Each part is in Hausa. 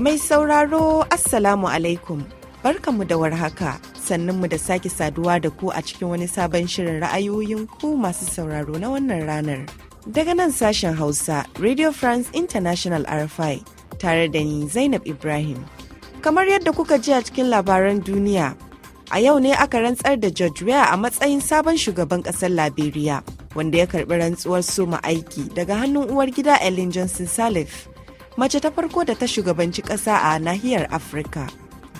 Mai sauraro Assalamu alaikum mu da warhaka sannan mu da sake saduwa da ku a cikin wani sabon shirin ra'ayoyin ku masu sauraro na wannan ranar. Daga nan sashen Hausa Radio France International RFI tare da ni Zainab Ibrahim. Kamar yadda kuka ji a cikin labaran duniya, a yau ne aka rantsar da George Weah a matsayin sabon shugaban ƙasar Liberia. wanda ya karbi rantsuwar soma aiki daga hannun uwar gida Ellen Johnson Salif, mace ta farko da ta shugabanci ƙasa a nahiyar Afirka.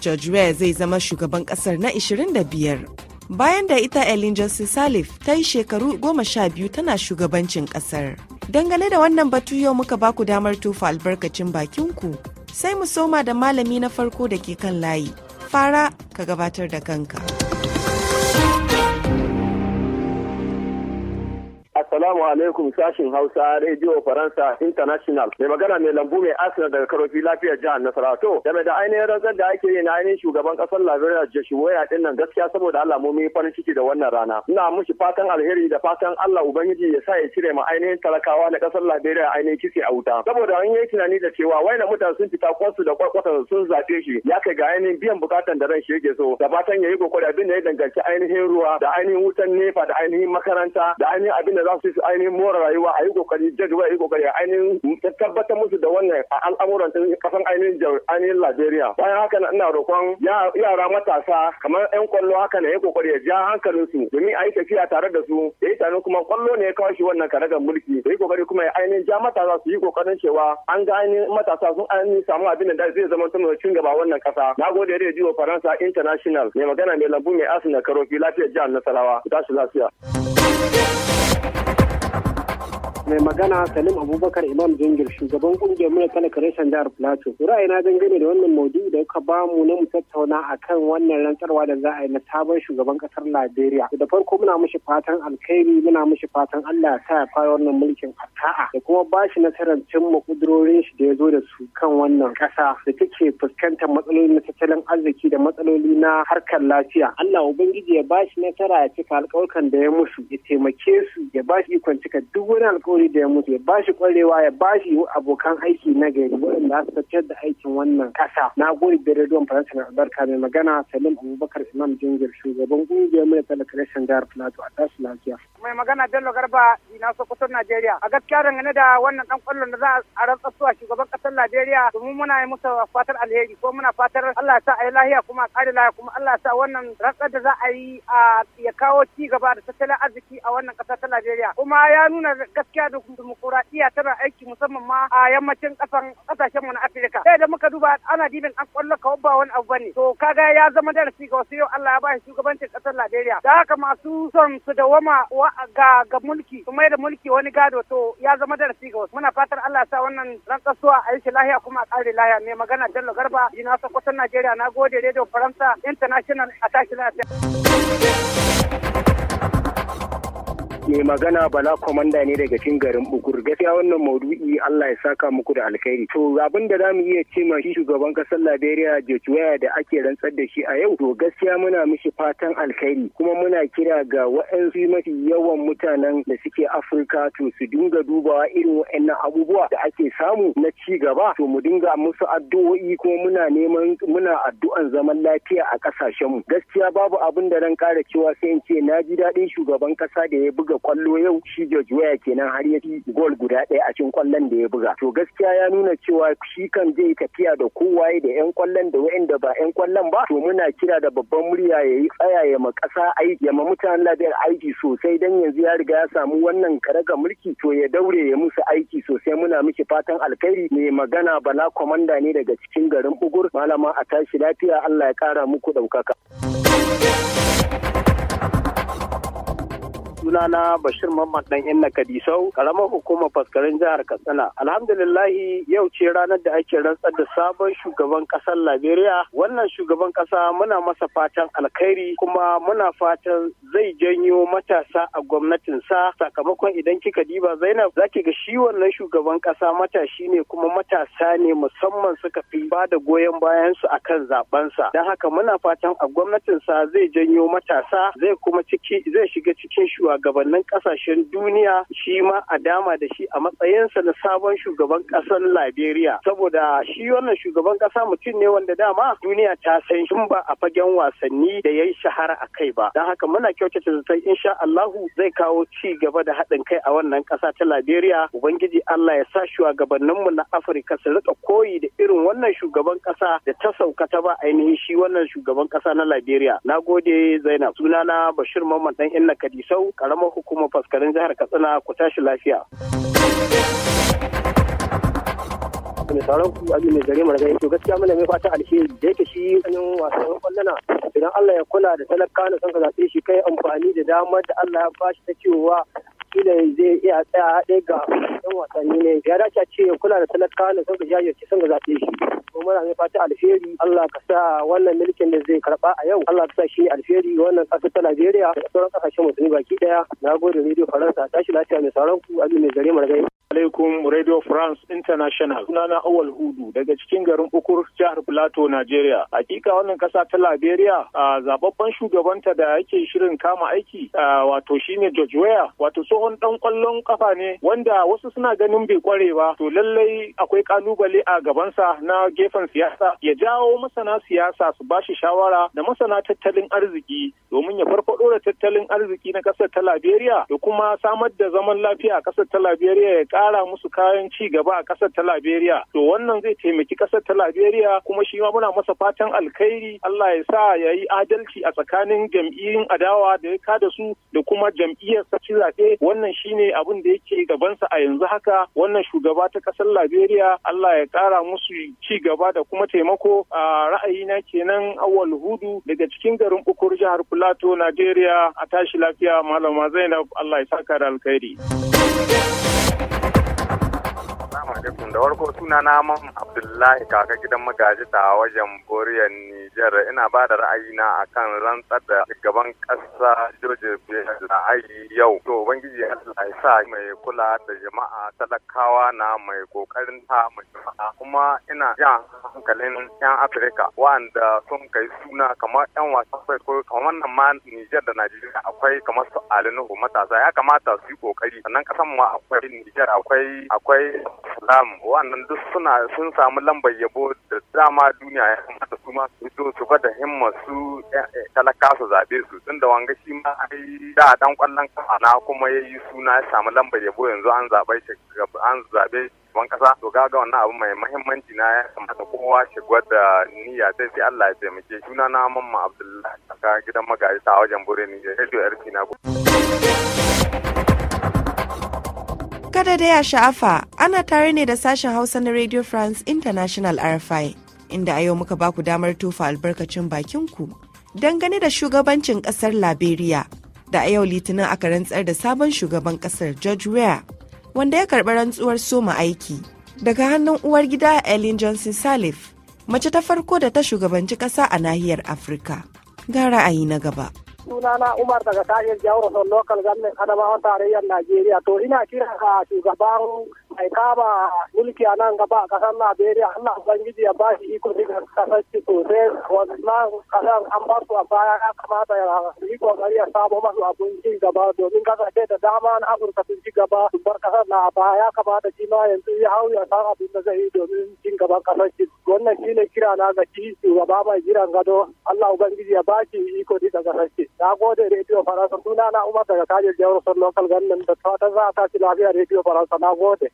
George Weah zai zama shugaban ƙasar na 25. Bayan da ita Ellen Johnson Salif ta yi shekaru goma sha biyu tana shugabancin ƙasar. Dangane da wannan batu yau muka baku damar tufa albarkacin bakinku sai mu soma da malami na farko da ke kan layi. Fara ka gabatar da kanka. Assalamu alaikum sashin Hausa Radio Faransa International. Mai magana mai lambu mai asina daga karofi lafiyar jihar Nasarawa. To, game da ainihin rantsar da ake yi na ainihin shugaban kasar Liberia Joshua din nan gaskiya saboda Allah mu yi farin ciki da wannan rana. Ina mushi fatan alheri da fatan Allah Ubangiji ya sa ya cire ma ainihin talakawa na kasar Liberia ainihin kisi a wuta. Saboda an yi tunani da cewa na mutane sun fita kwansu da kwakwata sun zaɓe shi ya kai ga ainihin biyan bukatan da ran shi yake so da fatan ya yi kokari abin da ya danganci ainihin ruwa da ainihin wutan nefa da ainihin makaranta da ainihin abin da za su su ainihin more rayuwa a yi kokari jadwa a yi kokari a ainihin tabbatar musu da wannan a al'amuran ɗin kasan ainihin ainihin Liberia. Bayan haka ina roƙon yara matasa kamar 'yan kwallo haka na ya kokari ya ja hankalinsu domin a yi tafiya tare da su da yi tare kuma kwallo ne ya kawo shi wannan karagar mulki da yi kokari kuma ya ainihin ja matasa su yi kokarin cewa an ga ainihin matasa sun ainihin samu abin da zai zama sama cin gaba wannan kasa. Na gode rediyo Faransa International mai magana mai lambu mai asina karofi lafiyar jihar Nasarawa. Tashi lafiya. Bye. mai magana salim abubakar imam jingir shugaban kungiyar mura talaka reshen jihar plateau ra'ayina dangane da wannan maudu da ba mu na mu tattauna a kan wannan rantsarwa da za a yi na sabon shugaban kasar Najeriya. da farko muna mishi fatan alkhairi muna mishi fatan allah ya sa ya fara wannan mulkin ata'a da kuma ba shi nasarar cimma kudurorin shi da ya zo da su kan wannan kasa da take fuskantar matsaloli na tattalin arziki da matsaloli na harkar lafiya allah ubangiji ya ba shi nasara ya cika alkawarkan da ya musu ya taimake su ya ba shi ikon cika duk wani alkawari wuri da ya mutu ya bashi kwarewa ya bashi abokan aiki na gari waɗanda za su tafiyar da aikin wannan ƙasa na gode da rediyon faransa na albarka mai magana salim abubakar imam jingir shugaban ƙungiyar mai talakarishin jihar filato a tashi lafiya. mai magana bello garba ina sokoto najeriya a gaskiya dangane da wannan ɗan kwallon da za a rantsar a shugaban ƙasar najeriya domin muna yi musu fatar alheri ko muna fatar allah sa a yi lahiya kuma a ƙare lahiya kuma allah sa wannan rantsar da za a yi a ya kawo ci gaba da tattalin arziki a wannan ƙasa ta najeriya kuma ya nuna gaskiya da dimokuraɗiyya tana aiki musamman ma a yammacin ƙasan ƙasashen mu na Afirka. Sai da muka duba ana dibin an kwallo kawai ba wani abu bane. To kaga ya zama darasi ga wasu yau Allah ya ba shi shugabancin ƙasar Najeriya. Da haka masu son su dawama ga ga mulki su da mulki wani gado to ya zama darasi ga wasu. Muna fatar Allah ya sa wannan ran kasuwa a yi shi lahiya kuma a ƙare lahiya. Mai magana Jalla Garba, Jina Sokoton Najeriya na gode Radio Faransa International a tashi lafiya. mai magana bala komanda ne daga cikin garin bukur gaskiya wannan maudu'i Allah ya saka muku da alkhairi to abin da zamu iya ce ma shi shugaban kasar Liberia George Weah da ake rantsar da shi a yau to gaskiya muna mishi fatan alkhairi kuma muna kira ga waɗansu mafi yawan mutanen da suke Afirka to su dinga dubawa irin waɗannan abubuwa da ake samu na ci gaba to mu dinga musu addu'o'i kuma muna neman muna addu'an zaman lafiya a ƙasashenmu gaskiya babu abin da ran kara cewa sai in ce na ji daɗin shugaban ƙasa da ya buga da kwallo yau shi George Weah kenan har ya gol guda ɗaya a cikin kwallon da ya buga to gaskiya ya nuna cewa shi kan zai tafiya da kowaye da ƴan kwallon da wa'anda ba ƴan kwallon ba to muna kira da babban murya ya yi tsaya ya ma ƙasa aiki ya ma mutanen lafiyar aiki sosai dan yanzu ya riga ya samu wannan karaga mulki to ya daure ya musu aiki sosai muna miki fatan alkhairi mai magana bala kwamanda ne daga cikin garin bugur malama a tashi lafiya Allah ya kara muku ɗaukaka. sunana Bashir Mamman dan Inna Kadisau, karamar hukumar faskarin jihar Katsina. Alhamdulillahi yau ce ranar da ake rantsar da sabon shugaban kasar Liberia. Wannan shugaban kasa muna masa fatan alkhairi kuma muna fatan zai janyo matasa a gwamnatinsa sakamakon idan kika diba Zainab zaki ga shi wannan shugaban kasa matashi ne kuma matasa ne musamman suka fi ba da goyon bayansu akan zabensa. Don haka muna fatan a gwamnatinsa zai janyo matasa zai kuma ciki zai shiga cikin shuwa shugabannin kasashen duniya shi ma a dama da shi a matsayinsa na sabon shugaban kasar Liberia saboda shi wannan shugaban kasa mutum ne wanda dama duniya ta san shi ba a fagen wasanni da ya yi shahara a kai ba don haka muna kyautata in insha Allahu zai kawo ci gaba da haɗin kai a wannan ƙasa ta Liberia ubangiji Allah ya sa shugabanninmu na Afirka su rika koyi da irin wannan shugaban ƙasa da ta sauka ta ba ainihin shi wannan shugaban ƙasa na Liberia Na gode Zainab sunana Bashir Mamman dan Inna Kadisau karamar hukumar faskarin jihar katsina ku tashi lafiya mai tsaron ku abin mai gari mara to gaskiya mana mai fata alheri da yake shi kanin wasan kwallona idan Allah ya kula da talaka na son ka zaɓe shi kai amfani da damar da Allah ya bashi ta cewa kila zai iya tsaya haɗe ga yan wasanni ne ya dace a ce kula da talakawa da sun ga jajirce sun ga zaɓe shi kuma muna mai fata alheri Allah ka sa wannan mulkin da zai karɓa a yau Allah ka sa shi alheri wannan ƙasar ta Najeriya da sauran ƙasashen musulmi baki ɗaya na gode rediyo Faransa tashi lafiya mai sauran ku abin mai mara margai alaikum Radio France International. na Awal Hudu daga cikin garin Ukur jihar Plateau, Najeriya. Hakika wannan kasa ta Liberia a zababban shugabanta da yake shirin kama aiki a wato shine George Weah wato tsohon dan kwallon kafa ne wanda wasu suna ganin bai kware ba to lallai akwai kalubale a gabansa na gefen siyasa ya jawo masana siyasa su bashi shawara da masana tattalin arziki domin ya farko ɗora tattalin arziki na ƙasar ta Liberia da kuma samar da zaman lafiya a ƙasar ta Liberia ya ƙara musu kayan ci gaba a ƙasar ta Liberia. To wannan zai taimaki ƙasar ta Liberia kuma shi ma muna masa fatan alkhairi Allah ya sa ya yi adalci a tsakanin jam'iyyun adawa da ya kada su da kuma jam'iyyar saci zaɓe wannan shine abin da yake gabansa a yanzu haka wannan shugaba ta ƙasar Liberia Allah ya ƙara musu ci gaba da kuma taimako a ra'ayina kenan awal hudu daga cikin garin Ukur jihar Plateau Najeriya. Najeriya a tashi lafiya malama Zainab Allah ya saka da alkhairi. Assalamu alaikum da warko suna na man Abdullahi kaka gidan magaji ta wajen boriya Nijar ina ba da ra'ayi na akan rantsar da gaban kasa George da ayi yau to ubangiji Allah ya sa mai kula da jama'a talakawa na mai kokarin ta mai jama'a kuma ina jan hankalin yan Afirka wanda sun kai suna kamar yan wasan ko kamar wannan ma Nijar da Najeriya akwai kamar su Alinuhu matasa ya kamata su yi kokari sannan kasan ma akwai Nijar akwai akwai salam wannan duk suna sun samu lambar yabo da dama duniya ya kamata su ma su zo su fada himma su eh, eh, talaka su zabe su tun da wanga shi ma ai da dan kwallon kafa na kuma yayi suna ya samu lambar yabo yanzu an zabe shi an zabe shugaban kasa to ga wannan abu mai muhimmanci na ya kamata kowa shi gwada niyya sai sai Allah ya taimake suna na mamma Abdullahi daga gidan magaji ta wajen Bure ni Radio RP na Kada da daya sha'afa ana tare ne da sashen Hausa na Radio France International RFI inda a yau muka baku damar tofa albarkacin bakin bakinku dangane da shugabancin kasar Liberia da a yau litinin aka rantsar da sabon shugaban kasar George Weah wanda ya karɓi rantsuwar soma aiki daga hannun uwar gida Ellen Johnson Salif mace ta farko da ta shugabanci ƙasa a nahiyar Afirka. Ga ra'ayi na gaba. sunana Umar daga kayan jawar local adama Adamawan tarayyar Najeriya to ina kira ga shugaban mai kama mulki a nan gaba a kasar Najeriya Allah Ubangiji ya ba shi iko ga kasar ci sosai wannan kasar an ba su a baya ya kamata ya yi kokari ya samo masu abun ci gaba domin kasashe da dama na Afirka sun ci gaba sun bar kasar na a baya ya kamata shi ma yanzu ya hau ya san abin da zai yi domin cin gaban kasar wannan shine kira na ga shi shugaba mai jiran gado Allah ubangiji ya baki iko di daga rashi na gode radio faransa suna na umar daga kajin jawar sun local gannan da ta za a tashi lafiya radio faransa na gode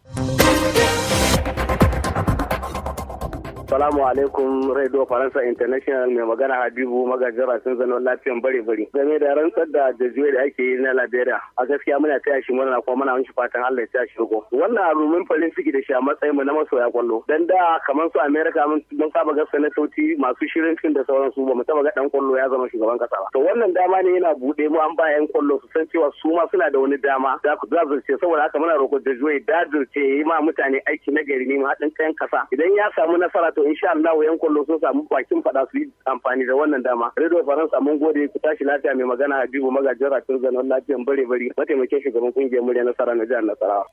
Salamu alaikum Radio Faransa International mai magana Habibu magajin rasin zanen lafiyan bare bare. Game da rantsar da jajuwe da ake yi na Liberia a gaskiya muna taya shi murna kuma muna mishi fatan Allah ya taya shi riko. Wannan abu mun farin ciki da shi a matsayin mu na masoya kwallo. Dan da kamar su amerika mun don saba ga sanatoci masu shirin fim da sauransu ba mu taba ga dan kwallo ya zama shugaban kasa ba. To wannan dama ne yana buɗe mu an ba yan kwallo su san cewa su ma suna da wani dama za ku zazurce saboda haka muna roƙon da dajirce yi ma mutane aiki na gari ne mu haɗin kayan kasa. Idan ya samu nasara to to insha Allah wayan kwallo sun samu bakin fada su yi amfani da wannan dama radio faransa mun gode ku tashi lafiya mai magana Habibu magajin ratun zanen lafiyan bare bare mataimakin shugaban kungiyar murya nasara na jihar Nasarawa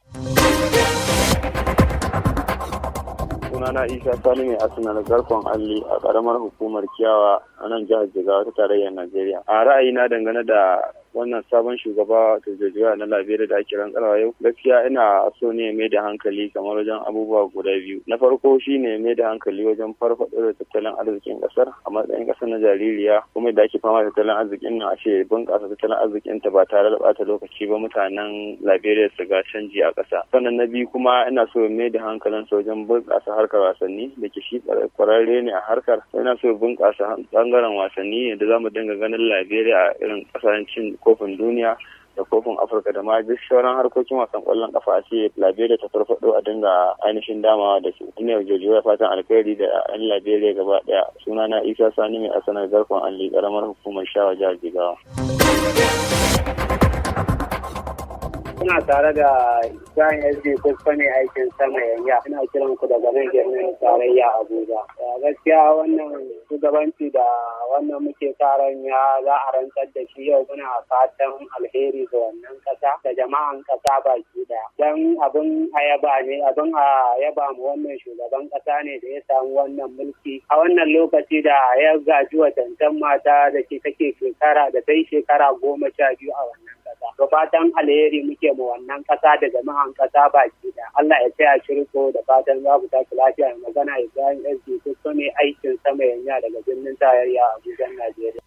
sunana isa sani mai asina na garkon alli a karamar hukumar kiyawa a nan jihar jigawa ta tarayyar najeriya a ra'ayina dangane da wannan sabon shugaba da jajuwa na labera da ake rantsarwa yau gaskiya ina so ne mai da hankali kamar wajen abubuwa guda biyu na farko shi mai da hankali wajen farfaɗo da tattalin arzikin ƙasar a matsayin ƙasar na jaririya kuma da ake fama da tattalin arzikin nan ashe bunƙasa tattalin arzikin ta ba tare da ɓata lokaci ba mutanen Liberia su ga canji a ƙasa sannan na biyu kuma ina so mai da hankalin sa wajen bunƙasa harkar wasanni da ke shi ƙwararre ne a harkar ina so bunƙasa ɓangaren wasanni yadda za mu dinga ganin Liberia a irin ƙasashen kofin duniya da kofin afirka da ma duk sauran harkokin wasan kwallon kafa a ce liberia ta farfado a dinga ainihin damawa da su ina yau jojo fatan alkhairi da yan liberia gaba daya sunana isa sani mai asanar garkon alli karamar hukumar shawa jihar jigawa Kuna tare da Ibrahim SD ko fane aikin sama yanya. Ina kiran ku daga nan birnin tarayya Abuja. Gaskiya wannan shugabanci da wannan muke karan ya za a rantsar da shi yau muna fatan alheri ga wannan kasa da jama'an kasa baki daya. Dan abin ayaba ne abin a yaba mu wannan shugaban kasa ne da ya samu wannan mulki a wannan lokaci da ya gaji wa mata da ke take shekara da ta shekara goma sha biyu a wannan to fatan alheri muke ma wannan kasa da jama'an kasa baki da Allah ya tsaya shirko da fatan za ku tashi lafiya magana Ibrahim SD ko ne aikin sama yanya daga birnin a Abuja Najeriya.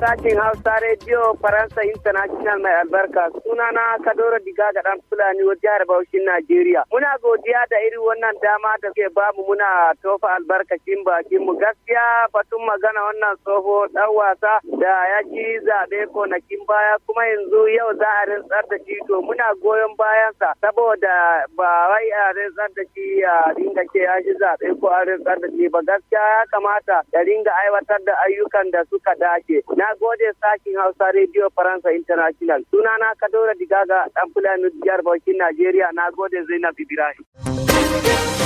sashen Hausa Radio Faransa International mai albarka sunana Kadoro Diga ga dan Fulani wa jihar Bauchi Najeriya. Muna godiya da irin wannan dama da suke bamu muna tofa albarkacin bakin mu gaskiya batun magana wannan tsoho dan wasa da ya ci zabe konakin baya kuma yanzu yau za a rantsar da shi to muna goyon bayansa saboda ba wai a rantsar da shi a dinga ce ya ci zabe ko a rantsar da shi ba gaskiya ya kamata da ringa aiwatar da ayyukan da suka dace. Na na gode sashin Hausa Radio Faransa International. Sunana Kadora Digaga, ɗan Fulani Jihar Bauchi, Najeriya. Na gode Zainab Ibrahim.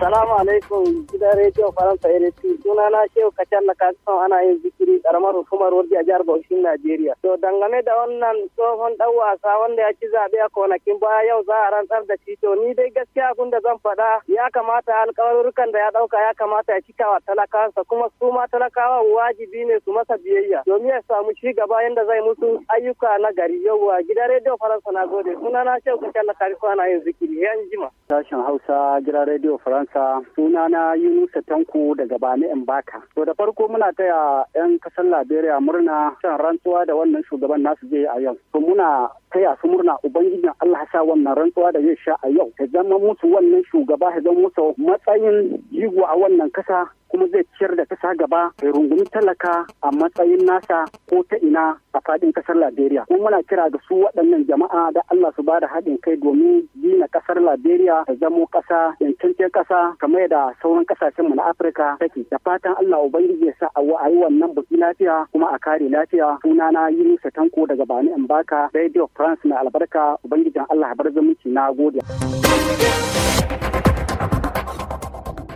Salamu alaikum gidan Rediyo Faransa RFI suna na Shehu Kacan na ana yin zikiri karamar hukumar wajen a jihar Bauchin Najeriya. To dangane da wannan tsohon dan wasa wanda ya ci zaɓe a kwanakin baya yau za a rantsar da shi to ni dai gaskiya abin da zan faɗa ya kamata alƙawarurrukan da ya ɗauka ya kamata ya cika wa talakawansa kuma su ma talakawa wajibi ne su masa biyayya domin ya samu ci gaba yanda zai musu ayyuka na gari yauwa gidan rediyon Faransa na gode suna na Shehu Kacan na ana yin zikiri yan jima. Sashen Hausa gidan rediyo Faransa Faransa sunana Yunusa Tanko daga Bani Mbaka. To da farko muna taya 'yan kasar Liberia murna shan rantsuwa da wannan shugaban nasu zai a yau. To muna taya su murna Ubangijin Allah sa wannan rantsuwa da zai sha a yau. Ya zama musu wannan shugaba ya zama musu matsayin jigo a wannan kasa kuma zai ciyar da kasa gaba mai rungumi talaka a matsayin nasa ko ta ina a fadin ƙasar Liberia. Kuma muna kira ga su waɗannan jama'a da Allah su ba da haɗin kai domin gina kasar Liberia da zamo ƙasa yankanciyar ƙasa kamar da sauran ƙasashen mu na Afirka take. Da fatan Allah Ubangiji ya sa a yi wannan buki lafiya kuma a kare lafiya. Sunana Yunusa Tanko daga Bani Mbaka Radio France na albarka Ubangijin Allah bar zumunci na gode.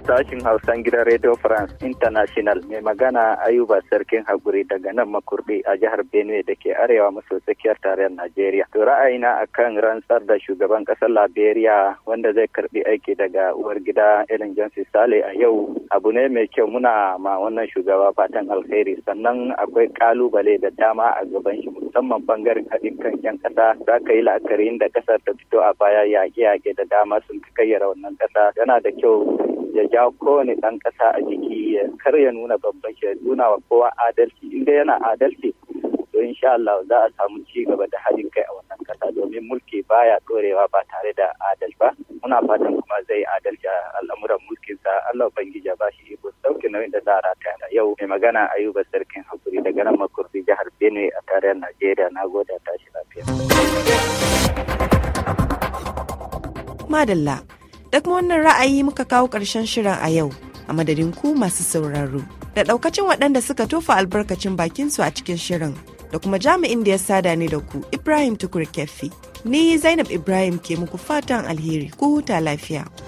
sashin Hausan gidan Radio France International mai magana Ayuba Sarkin Haguri daga nan makurdi a jihar Benue da ke arewa maso tsakiyar tarayyar Najeriya. To ra'ayina kan rantsar da shugaban ƙasar Liberia wanda zai karbi aiki daga uwar gida Ellen Johnson Sale a yau abu ne mai kyau muna ma wannan shugaba fatan alheri sannan akwai kalubale da dama a gaban shi musamman bangaren haɗin kan 'yan ƙasa za ka yi la'akari da ƙasar ta fito a baya yaƙe-yaƙe da dama sun kayyara wannan ƙasa yana da kyau ya ja kowane ɗan ƙasa a jiki ya karya ya nuna babban ya nuna wa kowa adalci inda yana adalci to insha Allah za a samu ci gaba da haɗin kai a wannan ƙasa domin mulki baya ɗorewa ba tare da adalci ba muna fatan kuma zai adalci a al'amuran sa Allah ubangiji ba shi iko sauki nauyin da za a rataya yau mai magana Ayuba Sarkin Hakuri daga nan makurfi jihar Benue a tarayyar Najeriya na gode tashi lafiya. Madalla Da kuma wannan ra'ayi muka kawo ƙarshen shirin a yau, a madadin ku masu sauraro, da ɗaukacin waɗanda suka tofa albarkacin bakinsu a cikin shirin, da kuma jami'in da ya sada ne da ku Ibrahim Tukur Keffi. Ni Zainab Ibrahim ke muku fatan alheri, ku huta lafiya.